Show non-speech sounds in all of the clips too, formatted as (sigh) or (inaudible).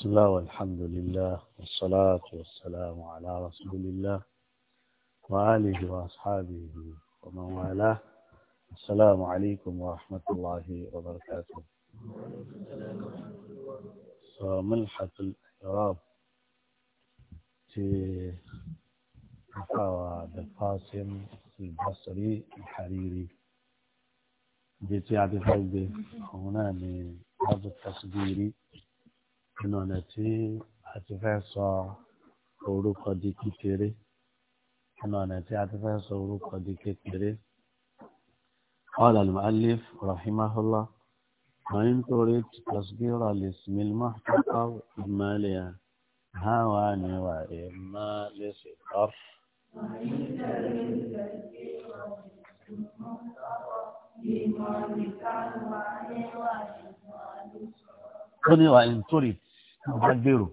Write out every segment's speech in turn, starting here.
بسم الله والحمد لله والصلاة والسلام على رسول الله وآله وأصحابه ومن والاه السلام عليكم ورحمة الله وبركاته وملحة الإعراب في عبد القاسم البصري الحريري جيت يعدي القلب هنا من هذا التصديري nínú tí a ti fẹ́ sọ orúkọ di kékeré nínú tí a ti fẹ́ sọ orúkọ di kékeré. قال المؤلف رحمه الله وإن تريد تصغير الاسم المحتقر إما لهوان وإما لستر قل وإن تريد bá gbèrò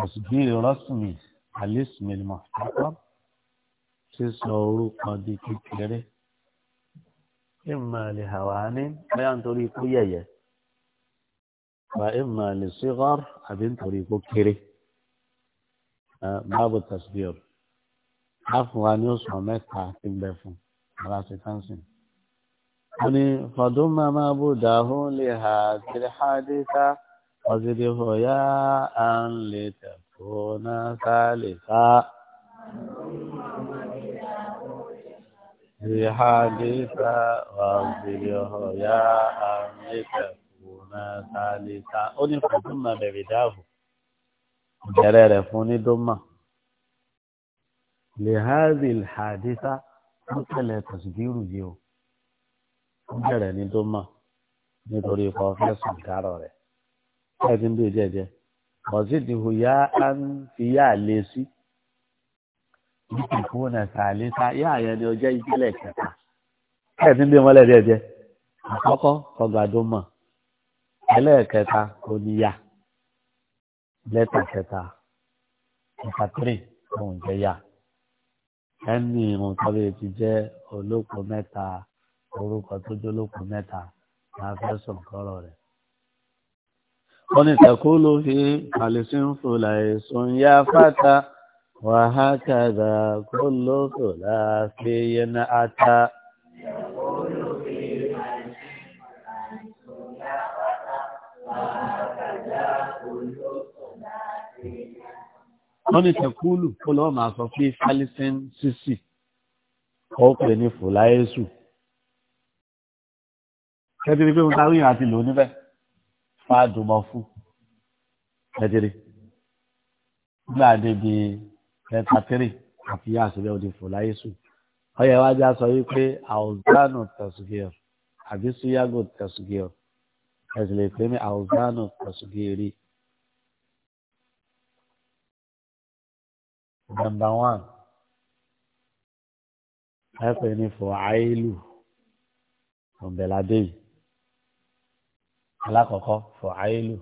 àṣìbírí rọ́sùmí alẹ́sùmílì mọ̀tàkọ́ sísọ orúkọ di kékeré ìmọ̀ lè hàwá ní bóyá nítorí ikú yẹ̀yẹ́ wa ìmọ̀ lè ṣígọ́r àbí nítorí ikú kéré báàbò tasbíọ̀ láfùwá ní oṣù mẹ́ta ti ń bẹ fún aláṣẹ kánsìn. wọ́n ní fọdún máa máa bù dáhùn lè hà kiri hádìsá. يا ياء لتكون ثالثا بحديثا يا ياء لتكون ثالثا أني فتما ببداه جرير فوني دمّا لهذه الحادثة مثل تصدير جيو جرير دمّا نتوري قوفي سلطارة ẹ ti ń dùn jẹjẹ ọ̀sì ti hù yá á ń fi yá lé sí bíkì fún ọ̀nà sàlẹ̀ sá yá yẹn ni ọjọ́ ìbílẹ̀ kẹta ẹ ti ń dùn mọ́lẹ̀ jẹjẹ àkọ́kọ́ ọgbàdo mọ̀ ẹlẹ́ẹ̀kẹta oníyà lẹ́tà kẹta nípa tírì ohun ìjẹyà ẹni ìrùn tọ́lẹ̀ ti jẹ́ olóko mẹ́ta orúkọ tó jẹ́ olóko mẹ́ta ní afẹ́sọ̀kọ́rọ̀ rẹ̀ wọ́n ní takulu fi kàlẹ́sìnkù làìsùn yá fata wàhákàdà kólótò láàfin ata. wọ́n ní takulu kó lọ́wọ́ máa sọ pé kàlẹ́sìn sísì ó pè ní fùláyésù. kẹ́tìrì pé mo ta wíyàn àti lò níbẹ̀ máa dùn mọ́ fún ẹ̀dẹ̀rẹ̀ nígbà débi ẹ̀ta tírì àfi yá àṣìlẹ̀ òdì fò láyé sùn ọyẹ wájú aṣọ wípé àwùzánù tẹ̀sùgìr àbí súyàgò tẹ̀sùgìr ẹ̀sìn lè pè mí àwùzánù tẹ̀sùgìrì. Number one ẹ pè ní fọ àìlù ọ̀bẹ̀ládé yìí alákọ̀ọ́kọ́ fọ̀háìlù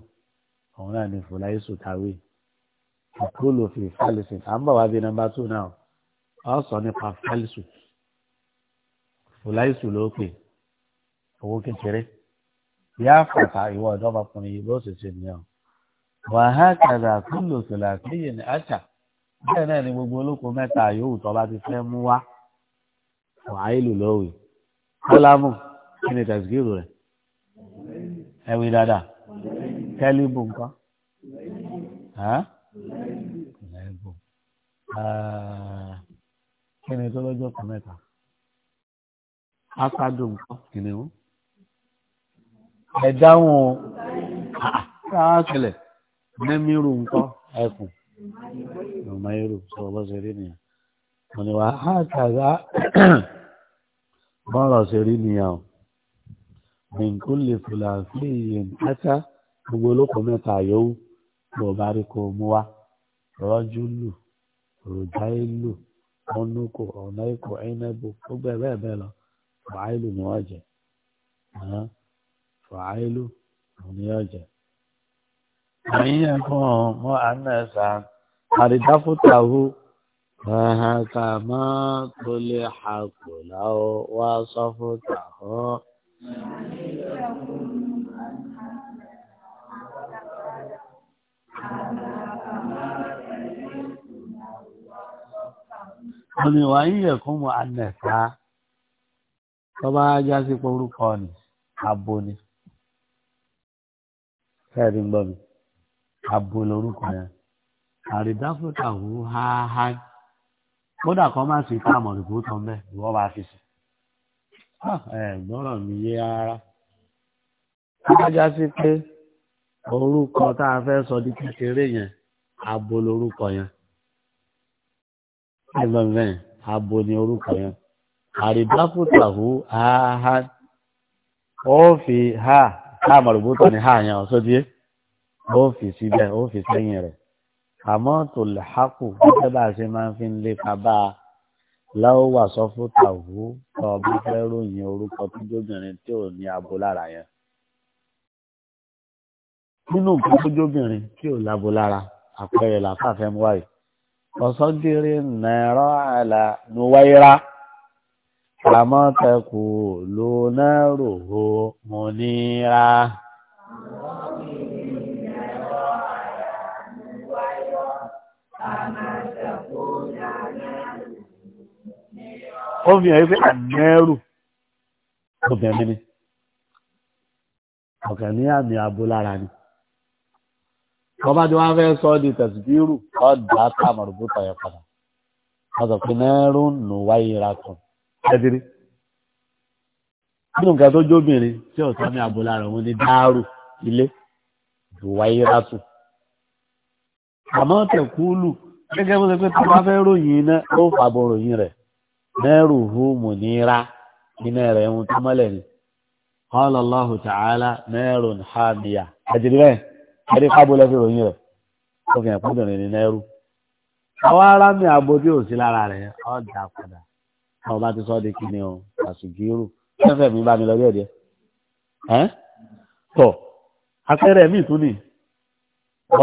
òun náà ni fòláìsù táwé ìkúlò fi fálísì à ń bọ̀ wá bí nọmba tó náà ọ sọ nípa fálísù fòláìsù ló pè owó kékeré yá fàtà ìwọ ọ̀dọ́mọkùnrin yìí bó sì ṣe nìyẹn wàhálà kàdà kúlò tòlàkìyè ní àṣà bẹ́ẹ̀ náà ni gbogbo olóko mẹ́ta yòówù tó bá ti fẹ́ mú wá fọ̀háìlù lọ́wọ́ kọ́lámù kí ni tẹ̀síkìrù rẹ̀ ẹ̀wì dáadáa kẹ́líbù nǹkan lẹ́gbọ̀n kí ni tó lọ́jọ́ kan mẹ́ta akadu nǹkan kìnìún ẹ̀dáhùn káàkiri mẹ́mírù nǹkan ẹkùn ọmọírù sọ bọ́ ṣe rí nìyẹn wọ́n ni wàá kàdá (clears throat) bọ́ọ̀rọ̀ ṣe rí nìyẹn o bínkú lè fòlà sí iye nkáká gbogbo olóko mẹ́ta yòówù tó o bá rí kó o mú wa rọ́jú lù ròjáì lù ọ̀nùkù ọ̀nà ikọ̀ ẹ̀nẹ́bù gbogbo ẹ̀ bẹ́ẹ̀ bẹ́ẹ̀ lọ fàáìlù ni wọ́n jẹ fàáìlù ni wọ́n jẹ. àyìn ẹ̀kọ́ mọ́ àná ẹ̀sà àrídáfótàwù kàmá tó lè hàkùlà wá sọ́fótà hàn. wọ́n ní wàá yíyẹ kún mu anẹ̀ta tọ́ba sí pé orúkọ ni abo ni fẹ́ẹ̀rí ń gbọ́ mi abo lorúkọ yẹn àrídáfíríkà hù háhá kódà kan má sì ká àmọ̀ ìbò tán bẹ́ẹ̀ ara bá fi sí ah, orúkọ tá a fẹ́ sọ di kékeré yẹn abo lorúkọ yẹn ẹgbẹ̀mẹ̀ abo ni orúkọ yẹn àrídáfùtàhù ha ó fi ha káàmọ̀rùbútọ̀ ni ha yẹn ọ̀sọ́díé ó fi síbẹ̀ ó fi sẹ́yìn rẹ̀ àmọ́ tó lè hákù gẹ́gẹ́ bá a ṣe máa fi ń lépa bá a láwọ́ wà sọ fún tàwù tó ọba fẹ́ ròyìn orúkọ tó jóbìnrin tí ò ní abo lára yẹn nínú nǹkan tó jóbìnrin tí ò lábo lára àpẹẹrẹ làfàfẹ́ mú wáyé ọ̀sọ́gẹ́rẹ́ náírà àlà ló wáyé rá àmọ́ mo ní ó fi hàn pé àmẹ́rù obìnrin ni ọ̀kàn ní àmì abo ni. ọba tí wọ́n fẹ́ sọ di tẹ̀síbírù ọ̀dà kàmọ̀rùbù tọ̀yọ̀ padà ọ̀sọ̀ pé náírà nù wáyé ra kan ẹ̀dírí. nínú nǹkan tó jóbìnrin tí ọ̀sán mi àbúlá rẹ̀ wọ́n ní dáàrú ilé ju wáyé ra tù. àmọ́ tẹ̀kúlù gẹ́gẹ́ bó ṣe pé tí wọ́n fẹ́ ròyìn iná ó fàbọ̀ ròyìn rẹ̀ iná rẹ̀ ń ni. hàmìyà bẹ́ẹ̀. ẹni fábó lẹ́fẹ́ ròyìn rẹ̀ ó fi hàn kúndùnrin ní náírù àwọn ará mi àbò tí ò sí lára rẹ̀ ọ́ dà padà àwọn bá ti sọ́ di kíni o àsìgírù fẹ́fẹ́ mi bá mi lọ díẹ̀ díẹ̀ ẹ́ tọ̀ akẹ́rẹ́ mi tún ni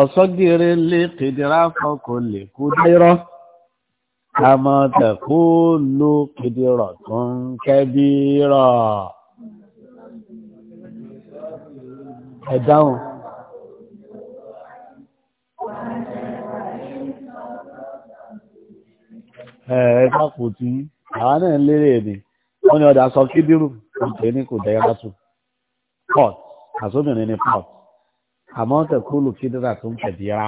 ọ̀sọ́gẹ̀rẹ̀ lè kẹdìrà fọkọ̀ lè kú dẹ́rọ́ àmọ́ ló kẹdìrọ̀ tó ń kẹ́bí dáhùn. ẹ̀ẹ́dá kò tí àwọn náà ń lérè èdè wọ́n ní ọ̀dà sọ kídírù ìpè ní kò dẹ́yà látù port àsóbìnrin ní port àmọ́ tẹ̀kúlù kídírà tó ń tẹ̀díra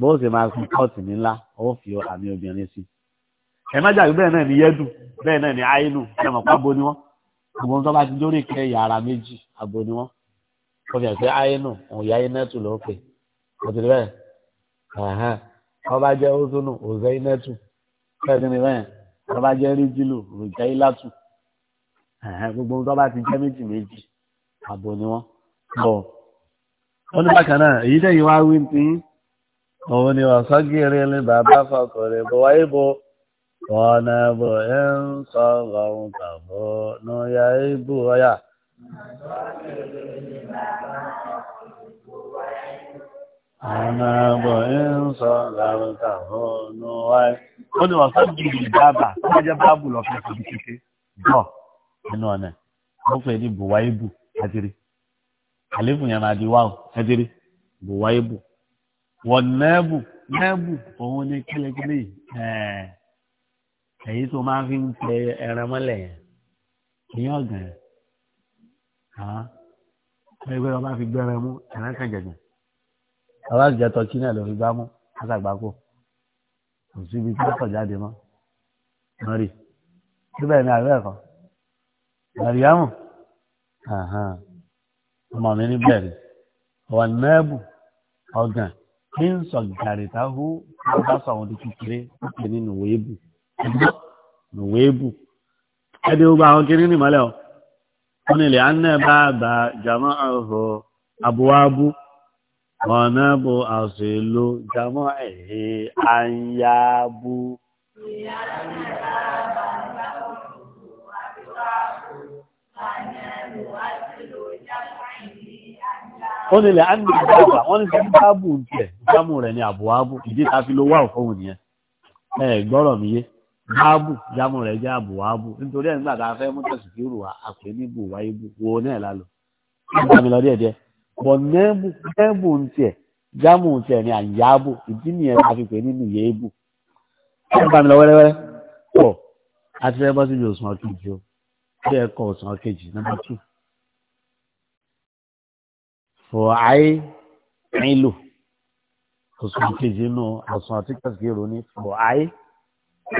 bó ṣe máa fi port nílá ó fi àmì obìnrin sí. ẹ má jàgbé bẹ́ẹ̀ náà ní yẹ́dù bẹ́ẹ̀ náà ní áyínù ẹ mọ̀ pábó ni wọ́n àwọn tó bá ti dórí kẹ́ yàrá méjì àgbo ni wọ́n kò fi hàn pé áyínù òun yá inẹ́tù ló pè kò tẹ̀lé bẹ́ẹ̀ ọba jẹ́ ozonu òzẹ́ inẹ́tù bẹ́ẹ̀ ni bẹ́ẹ̀ tó bá jẹ́ ríjìlù ròjà ilátù gbogbo tó bá ti jẹ́ méjì méjì àbò ni wọ́n bọ̀. wọ́n ní bákan náà èyí tẹ̀yìn wá wí ní òun ni wọ́n sọ́gìrì ní bàbá fọkùnrin bọ̀ wáyé bọ̀ ọ̀nà bọ̀ ẹ̀ ń sọ̀rọ̀ ohun tàbọ̀ nù yà é ọ̀yà. Ànàbọ̀ ń sọ lárúta ọ̀nà wáyé. Ó ní wọ́n sọ́jú ìlú bábà tó bá jẹ́ báàbù lọ fún ìfòdì kéke. Bọ̀ nínú ọ̀nà wọ́n pè ní Bùwáìbù Adiri. Àléébù yẹn máa di wáwù Adiri Bùwáìbù. Wọ́n nẹ́ẹ̀bù nẹ́ẹ̀bù òun ní kílékílé yìí. Èyí tó máa fi ń tẹ ẹran mọ́lẹ̀ yẹn. Ìyá ọ̀gàn yẹn. Àwọn ẹgbẹ́ wọn bá fi gbẹ́rẹ̀ mú ẹran kan jẹ̀jẹ̀ àwọn àjẹ tọ́kí náà ló fi gbámú látàgbákò kò síbi tí wọ́n kọ̀ jáde mọ́ mọ́rì síbẹ̀ ni àárẹ̀ kan màríyámù ọmọ mi ní bẹ́ẹ̀ ni ọ̀wọ̀n mẹ́ẹ̀bù ọ̀gàn ní sọ̀gàrìtà hù ọba sọ àwọn ọdún kékeré ó pè ní nùwéébù nùwéébù ẹni gbogbo àwọn kiri ní ìmọ̀lẹ́ ọ wọn ni lè á nẹ́ bá bá jàmọ́ àbúwábú ọ̀nàbù àṣèlú jamọ́ ẹ̀hí àyàbù. ó nílẹ̀ ánìyàbà wọ́n ní sí báàbù ń tẹ̀ jámù rẹ̀ ní àbúwábù ìdí ta fi ló wà fóun nìyẹn ẹ gbọ́rọ̀ mi yé báàbù jámù rẹ̀ jẹ́ àbúwábù nítorí ẹ̀ nígbà tá a fẹ́ mú tẹ̀sí kí rù wá àpè ní bùwáyé bù wo náà lálọ́ nígbà mi lọ díẹ̀díẹ̀ bọ̀ nẹ́ẹ̀bù nẹ́ẹ̀bù ń tiẹ̀ jámù ń tiẹ̀ ni àyábù ìdí nìyẹn bá fi pè ní nìyẹ́bù. ẹ bá mi lọ wẹ́rẹ́wẹ́rẹ́ pọ̀ àti ẹ bọ́ sí ibi òsùn ọ̀kejì o bí ẹ kọ òsùn ọ̀kejì nọ́mbà tù. fọ̀ àyè nílò òsùn ọ̀kejì nù òsùn ọ̀tí kẹsìkì rò ní àyè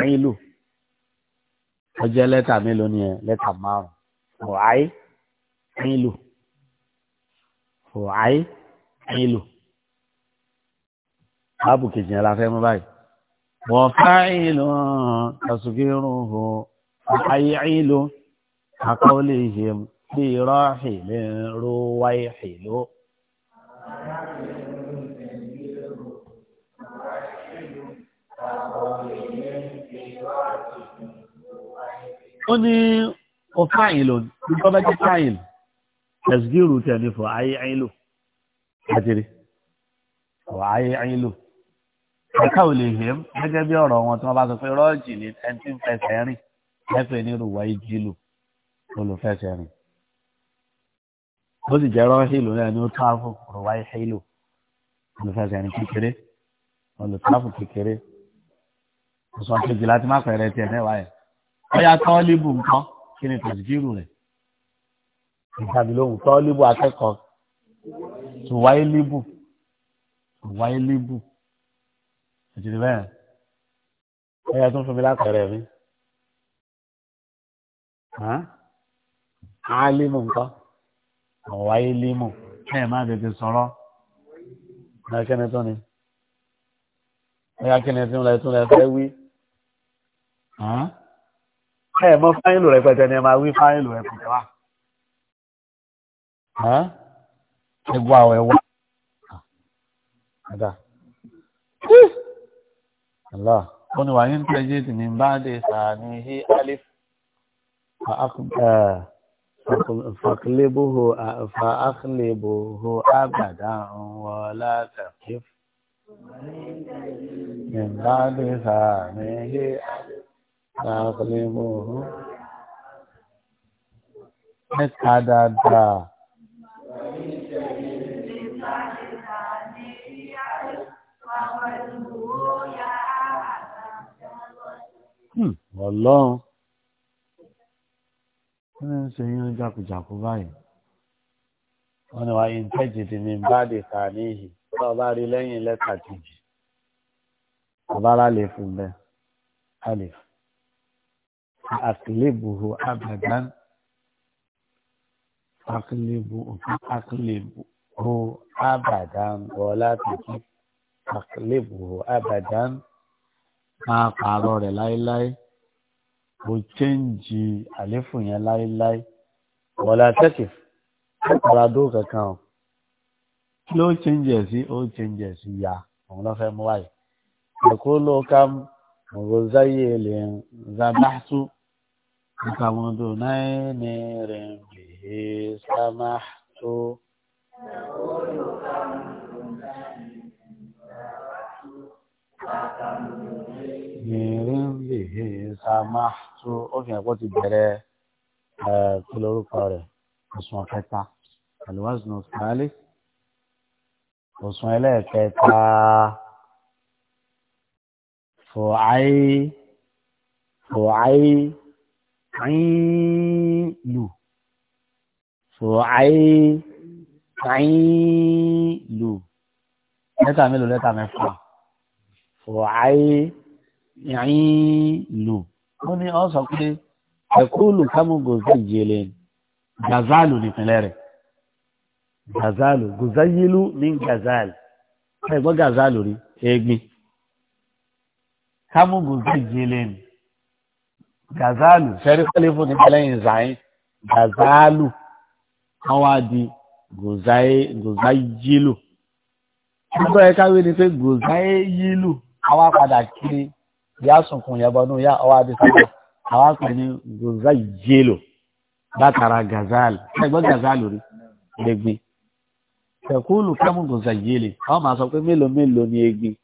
nílò ọjọ́ lẹ́tà mélòó ni ẹ lẹ́tà márùn-ún àyè nílò fòáì nílò báàbù kejì yẹn la fẹ́ mú báyìí wọ́n fáyìn lọ tasukirun hù ayé nílò akọ́lé yìí bí rọ́ọ̀hì lè ro wáyé hìlò. ó ní ọ̀fáyìn lò ní bọ́bá jẹ́ fáyìn lò tẹ̀sígìrù tẹ̀ ní fọ ayé ẹyin lò àtìrí fọ ayé ẹyin lò ẹ̀ka ò lè hẹ́m gẹ́gẹ́ bí ọ̀rọ̀ wọn tí wọ́n bá sọ pé rọ́ọ̀jì ní ẹni fẹsẹ̀ rìn ẹ̀fẹ̀ ní rúwa ìjì lò olùfẹsẹ̀ rìn ó sì jẹ́ rọ́ọ̀hì lò náà ní ó tààfù rúwa ìhì lò olùfẹsẹ̀ rìn kékeré olùtààfù kékeré ọ̀sán kejì láti má pẹ̀rẹ̀ tiẹ̀ mẹ́wàá yẹn ọ̀yà tọ́ọ́lì bù nǹkan kí ni tẹ̀sígìrù rẹ̀ ìtàbí lóhùn tọ́líbù akẹ́kọ̀ọ́ tùwáyé líbù tùwáyé líbù ìjìnlẹ̀ bẹ́ẹ̀ ẹ̀yà tó ń fún mi lápẹ̀rẹ̀ mi álímù nǹkan ọ̀wáyé límù ẹ̀ má tètè sọ̀rọ̀ ẹ̀kẹ́ni tó ni ẹ̀yà kẹ́ni tó ni lẹ tó ń lẹ fẹ́ wí ẹ̀ mọ fáìlù rẹpẹtẹ ni ẹ máa wí fáìlù rẹpẹtẹ wá ẹwà ọ ẹwà ada ala ó ní wàá yín tẹ́jú tì mí bá dé sàánì hí alif fàkìlébóhó fàákìlébóhó àgbàdá wọlá tàkìf mí bá dé sàánì hí fàkìlébóhó mẹ́ta dáadáa. Hmm, ọlọ́run wọ́n ní ṣe yín jákujàku báyìí wọ́n ní wáyé ń tẹ́jìdì ní báàdì kà níhì tó bá rí lẹ́yìn lẹ́tà kejì ọ̀bára lè fún bẹ́ẹ̀ a lè àkìlébùhù àbàdán àkìlébùhù àbàdán wọ́n láti kí àkìlébùhù àbàdán á pààrọ̀ rẹ̀ láéláé kò chéǹjì àléfù yẹn láéláé wọlé atẹ́kìf ọ̀rọ̀ adó kankan o kí ló chéǹjì ẹ̀ sí ó chéǹjì ẹ̀ sí ya òun ló fẹ́ mú wáyé ẹ̀kọ́ ló ká mọ̀gòzáyé lè ń zabáṣú ìkàmọ́dún náà ní rìn bèè sámáṣú. Thank you mìíràn lè he sàmà tó ó fi hàn pé ó ti bẹ̀rẹ̀ ẹ̀ kí lórúkọ rẹ̀ òṣùwọ̀n kẹta àlùwàsùn òsùnálé òṣùwọ̀n ẹlẹ́ẹ̀kẹta fòáyé fòáyé àìlù fòáyé àìlù lẹ́tà mélòó lẹ́tà mẹ́fà fòáyé ìlú ó ní ọ sọ pé ẹ̀kúlù kámúgòsí ìjìnlẹ̀ gazalu nípìnlẹ̀ rẹ̀ gazalu gozayilu ní gazal ẹ̀gbọ́n gazalu rí ẹ̀gbin kámúgòsí ìjìnlẹ̀ gazalu fẹ́rí kọ́lẹ́fù nípìnlẹ̀ yìí zayin gazalu wọ́n wá di gozayilu ẹ̀gbọ́n ẹ̀ka wí ni pé gozayilu àwa padà kiri ìyá sunkún yẹbọnú ìyá ọwọ adisaba àwọn akpẹ ní gòzá yélo látara gazali ẹgbẹ gazali rí lẹgbin tẹkúlù kẹmú gòzá yéle àwọn máa sọ pé mélòó mélòó ni egbin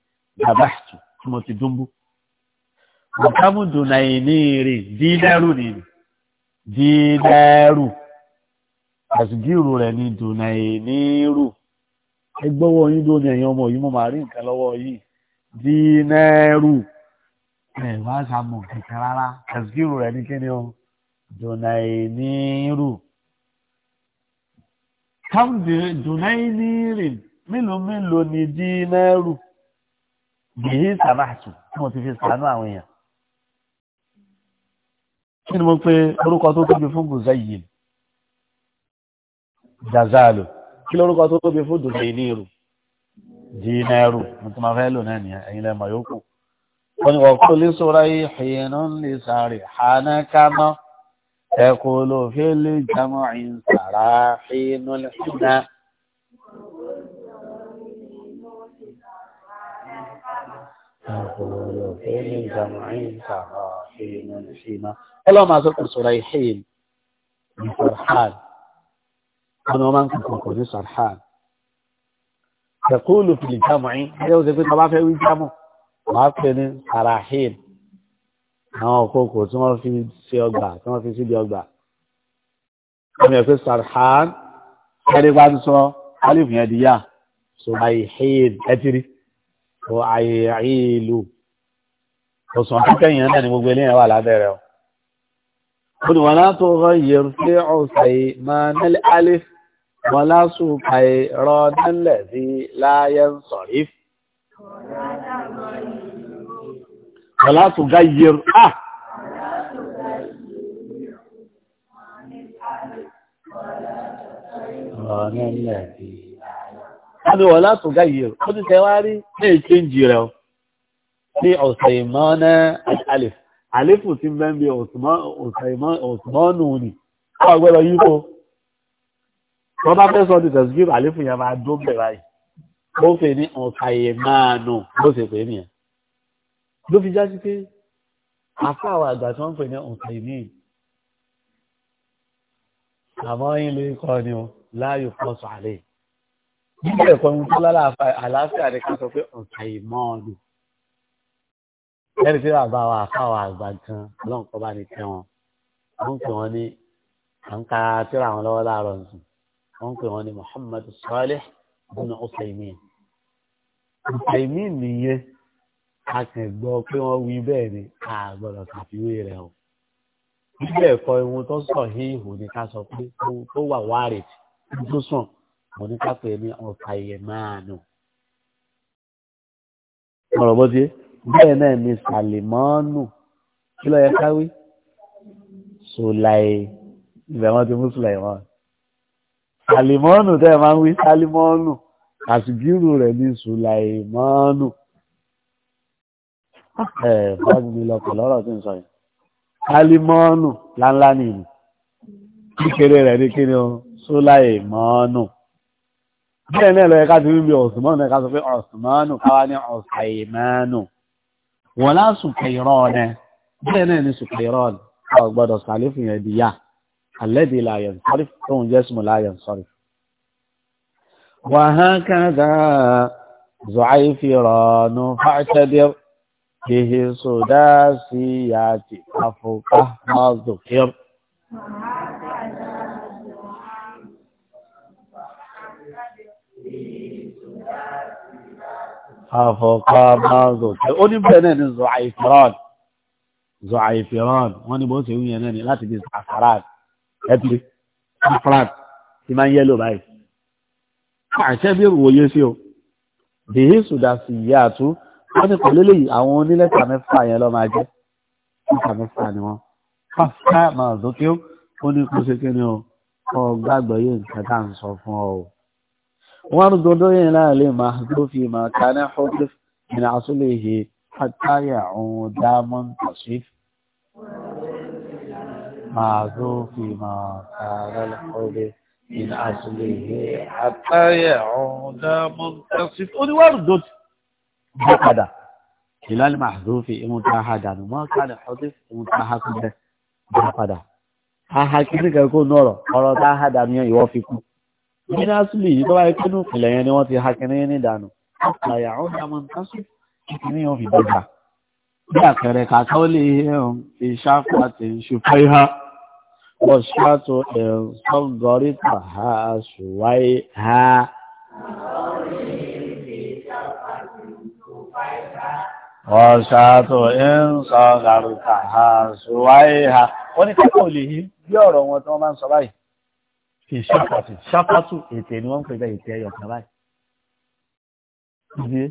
gabatu tí mo ti dúnbú kẹmú dùnà ìní rè dínẹrù nìyí dínẹrù àsìgírù rẹ ní dùnà ìní rù ẹgbọwọ yín ló ní yìí mo máa rí nǹkan lọ́wọ́ yìí dínẹrù ẹ wá sàmù kẹkẹ rárá tẹsíkìrù rẹ ní kíni o dùnàìníìrù dùnàìníìrì mélòó mélòó ni dínẹ́rù yìí sàmáàtù tí mo ti fi sànú àwọn èèyàn kí ni mo pe orúkọ tó tóbi fún gùzáyìí jazalo kí lórúkọ tó tóbi fún dùnàìníìrù dínẹ́rù mo tún máa fẹ́ lò náà nìyẹn ẹ̀yin lẹ́mọ̀ yòókù. wọ́n ní ọ̀kúlé sọ́ra yìí xìyẹ̀nà lè sáré xana kama ẹ̀kúlò fẹ́lẹ̀ jama in sara xìyẹ̀nà lè xìyẹ̀nà. ẹ̀kúlò fẹ́lẹ̀ jama in sara xìyẹ̀nà lè xìyẹ̀nà. ọlọ́run máa sọ́kùn sọ́ra yìí xìyẹ̀n ní sarxaan wọ́n ní wọ́n máa ń kàn kàn kàn ní sarxaan. ẹ̀kúlò fẹ́lẹ̀ jama in ẹ̀yẹ́ wọ́n ti pé tọ́ bá fẹ́ wí jama. máa pè ní sarahil àwọn òkòkò tí wọ́n fi ṣe ọgbà tí wọ́n fi síbi ọgbà wọ́n yẹ pé sarhan ẹni bá ń sọ alif yẹn di yá so àìhìl ẹtìrí so àìhìlù òsàn kíkẹ́ yẹn náà ni gbogbo eléyàn wà lábẹ́ rẹ̀ o. قل ولا تغير في عثيمان الألف ولا سكيران الذي لا ينصرف wàlá tó ga yẹrù à Adé ah! wọ̀lá tó ga yẹrù, ó ti tẹwàá rí ní ìkéjì rẹ̀ ọ. Ní ọ̀sẹ̀ ìmọ́ náà alif, alifu ti mẹ́bí ọ̀sẹ̀mọ́nù ni, ọ gbẹ́lọ yí kó. Wọ́n bá fẹ́ sọ ti tẹ̀sí alifu yẹn máa dó bẹ̀rẹ̀ báyìí ló fi já sí pé afọ àwọn àgbà tí wọ́n ń pè ní nǹkan ìní àmọ́ yín lè kọ́ ni o láàyò pọ̀ sọ àlẹ́ nígbà ẹ̀kọ́ ohun tó lálàáfíà rẹ̀ ká sọ pé nǹkan ìmọ̀ ọ̀dùn lẹ́ni tí bàbá wa àfa wa àgbà gan ọlọ́run kọ́ bá ní tẹ́ wọn wọ́n pè wọ́n ní à ń ka tíra àwọn lọ́wọ́ láàárọ̀ nìyí wọ́n pè wọ́n ní Muhammad Salih bin Usaimin Usaimin nìyẹn a kàn gbọ́ pé wọ́n wí bẹ́ẹ̀ ni a gbọ́dọ̀ kàfiwé rẹ̀ o nígbà ẹ̀kọ́ ohun tó sọ híhù ni ká sọ pé tó wà wárè tó sàn mo ní ká pè ní ọ̀fà ìyẹ̀ máa nù. ọ̀rọ̀ bó ti bẹ́ẹ̀ náà ni sàlìmọ́ọ́nù kí ló yẹ káwí sùlàì ibẹ̀ wọ́n ti mú sùlàì wọn. sàlìmọ́ọ́nù tẹ́ ẹ máa ń wí sàlìmọ́ọ́nù àsìkírù rẹ̀ ní sùlàì mọ́ọ́nù ẹ̀ fọ́gbìn lọ́pọ̀ lọ́rọ̀ tí ń sọ yìí alimọ́ọ̀nù láńlá ni ìlú kékeré rẹ̀ ní kí ni ó sólàì mọ́ọ̀nù bẹ́ẹ̀ náà lọ ẹ̀ka ti rí bí ọ̀sùnmọ́ọ̀nù ẹ̀ka sọ pé ọ̀sùnmọ́ọ̀nù káwá ní ọ̀sàìmọ́ọ̀nù wọ́n lá sùkẹ̀rọ̀ ọ̀nẹ́ bẹ́ẹ̀ náà ni sùkẹ̀rọ̀ ọ̀gbọ́dọ̀ به سداسيات أفقه ما ذكر أفقه ما ذكر ó ní bẹ́ẹ̀ náà ni زعيفران زعيفران wọ́n ní bó ṣe wúyẹn náà ni láti bí safarat ẹ̀tì safarat ti máa ń yẹ́lò báyìí àṣẹ bí ìròyìn sí o bìí sùdásíyàtú wọ́n ti pẹ̀lú lè àwọn onílẹ́ta mẹ́fà yẹn lọ máa jẹ́ mẹ́ta mẹ́fà ni wọ́n fáfá máa zókè ó ó ní kó ṣe kíni o kọ́ gbàgbọ́ yìí nǹkan tá à ń sọ fún ọ o. wọ́n ń dodo yìí náà lè máa tó fi máa ka ní ọdún ìrìn àṣọ lè ṣe pátáyà òun dámọ́n tọ̀sí. máa tó fi máa ka lọ́lọ́ ọdún ìrìn àṣọ lè ṣe pátáyà òun dámọ́n tọ̀sí. ó ní wọ́n ń بقدا خلال محذوف منتهى دانو ما كان حذف منتهى كده بقدا aha kiri kan kó nù ọ̀rọ̀ ọ̀rọ̀ tá a ha dànù yẹn ìwọ fi kú nínú asúlì yìí tó bá yẹ pínú ìpìlẹ̀ yẹn ni wọ́n ti ha kiri yẹn ní ìdànù àyà ó ní àwọn nǹkanṣu kiri yẹn fi dọgba um, um, ha. ọ̀ṣàtò ẹ̀ńsọ̀ gàrùkà ha ṣùwáyéha wọ́n ní kápá olè yìí bí ọ̀rọ̀ wọn tí wọ́n máa ń sọ báyìí fi ṣàpàtù ṣàpàtù ètè ni wọ́n ń pè bẹ́ẹ̀ ètè ẹ̀yọ̀ kan báyìí. ìdí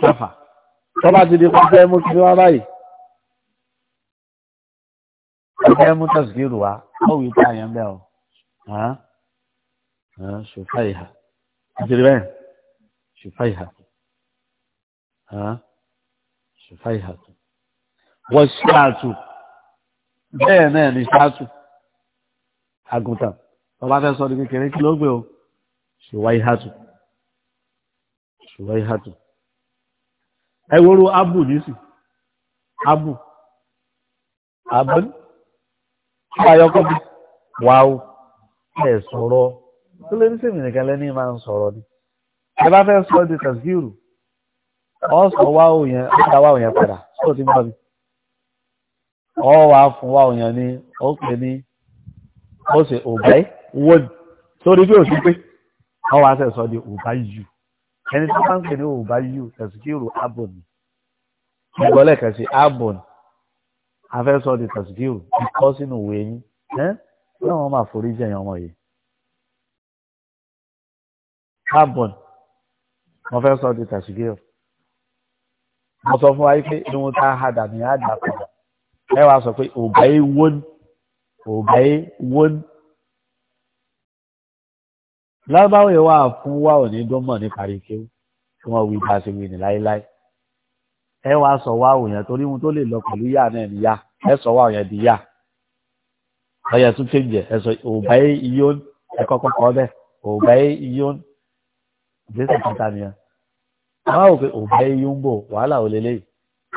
ṣàfà tọ́ba ti di pàṣẹ mú kí wọ́n báyìí. ẹgbẹ́ mú tẹ̀síkìrù wa ó wí pé àyàn bẹ́ẹ̀ o ṣùfáyéha ìdí bẹ́ẹ̀ ṣùfáyéha ṣùfáìhàtù wọ́n ṣáàtù bẹ́ẹ̀ náà ni ṣáàtù àgùntàn ọba fẹ́ sọ ní kékeré kí ló gbé o ṣùwáìhàtù ṣùwáìhàtù ẹ wọ́rọ̀ abu nísì abu abọ́n ayọ́kọ́ bí wàá ẹ̀ sọ̀rọ̀ tó lè ní sèmìnì kan lẹ́ni máa ń sọ̀rọ̀ ni ẹ bá fẹ́ sọ di tẹ̀síìrù ọ̀sán wá òyìn ọ̀dá wá òyìn padà tó ti mọ́ mi ọ̀ wá fún wá òyìn ni ó pè ní ó sì òbẹ́ wọ́n sórí bí òsì pé ọ̀ wá sẹ̀ sọ di òbá yù ẹni tó bá ń pè ní òbá yù tẹ̀síkìrù abòní ìgbọ́lẹ̀ kẹsì abòní afẹ́ sọ di tẹ̀síkìrù ikọ́ sínú ìwé yín ẹ́ náà wọ́n máa forí jẹ̀yàn ọmọ yìí abòní wọ́n fẹ́ sọ di tẹ̀síkìrù mo sọ fún wa pé irun tá a hadà ní àdá padà ẹ wàá sọ pé ògbà yìí wón ògbà yìí wón. lábáwò yẹn wà fún wa ò dúnmọ̀ ní parikéwù tí wọ́n wí bá ṣe wí ní láéláé ẹ wàá sọ wá òun torí ohun tó lè lọ pẹ̀lú yá náà ni yá ẹ sọ wá òun di yá ọyẹ tún ṣe ń ẹ sọ òbá yìí yón ẹ kọ́kọ́ kọ́ bẹ́ẹ̀ òbá yìí yón ìgbésẹ̀ kẹta nìyẹn àwọn òfin òbẹ́ yín ń bọ̀ wàhálà ò lélẹ̀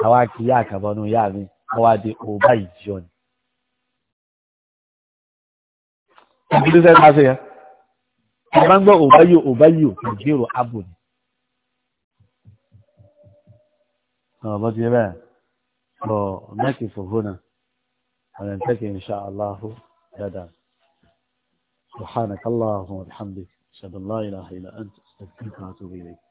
àwa kì í yá àkàbọ̀nù yá mi àwa di òbá ìjọ ni. ìdílé sẹ́ni máa ṣe yẹn ẹ máa ń gbọ́ òbá yìí òbá yìí òkè gbèrò ààbò ni. ọ̀bọ̀n ti bẹ́ẹ̀ ọ̀ mẹ́kì fòfó náà ọ̀nà tẹ́kì insha Allahu سبحانك اللهم وبحمدك أشهد أن لا إله إلا أنت أستغفرك وأتوب إليك